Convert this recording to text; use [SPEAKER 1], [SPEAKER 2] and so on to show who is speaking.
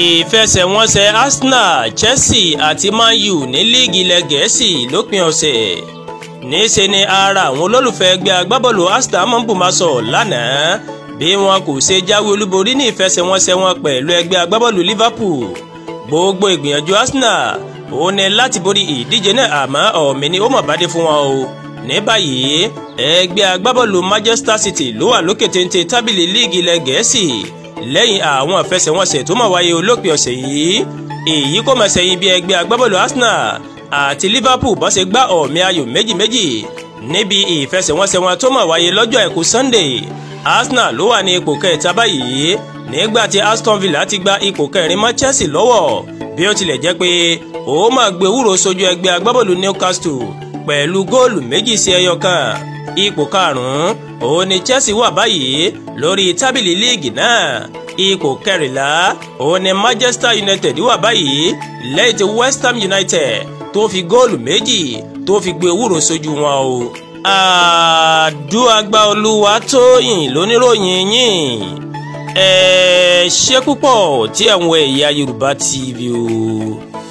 [SPEAKER 1] ìfẹsẹ̀wọnsẹ̀ Arsenal Chelsea àti Man U ní líìgì ilẹ̀ gẹ̀ẹ́sì lópin ọ̀sẹ̀ níṣe ni ara àwọn olólùfẹ́ ẹgbẹ́ agbábọ́ọ̀lù Arsenal mọ̀nbùmásọ̀ lánàá bí wọn kò ṣe jáwé olúborí ní ìfẹsẹ̀wọnsẹ̀ wọn pẹ̀lú ẹgbẹ́ agbábọ́ọ̀lù Liverpool gbogbo ìgbìyànjú Arsenal ó ní láti borí ìdíje náà àmọ́ ọ̀mí ni ó mọ̀ bá dé fún wọn o ní báyìí ẹgbẹ́ agbábọ́ọ̀lù Manchester City ló wà lókè téńté tábìlì líìgì ilẹ̀ gẹ̀ẹ́sì lẹ́yìn àwọn ìfẹsẹ̀wọnsẹ̀ tó máa wáyé olópin ọ̀sẹ̀ yìí èyí kò máa ṣẹ̀yìn bí ẹgbẹ́ agbábọ́ọ̀lù Arsenal àti Liverpool bọ́n ṣe gbá ọ̀mì ayò méjìméjì níbi ìfẹsẹ̀wọnsẹ̀ wọn tó máa wáyé lọ́jọ́ àìkú Sunday Arsenal ló wà ní ipò kẹta báyìí nígbà tí Aston Villa ti gba ipò kẹrin mọ́ Chelsea lọ́wọ́ bí ó tilẹ̀ jẹ́ pé ó máa gbé ewúro sójú ẹgbẹ́ agbábọ́ọ̀lù Newcastle pẹ̀lú góòlù méjì sí ẹyọ kan ipò karùn-ún òun ni Chelsea wà báyìí lórí tábìlì líìgì náà ipò kẹrìnlá òun ni Manchester United wà báyìí lẹ́yìn tí West Ham United tó fi góòlù méjì tó fi gbé ewúro sójú wọn o. àdúràgbà olúwa tóyìn lóníròyìn yìn ẹ ṣé púpọ̀ tí ẹ̀ Ẹ̀yà Yorùbá TV o.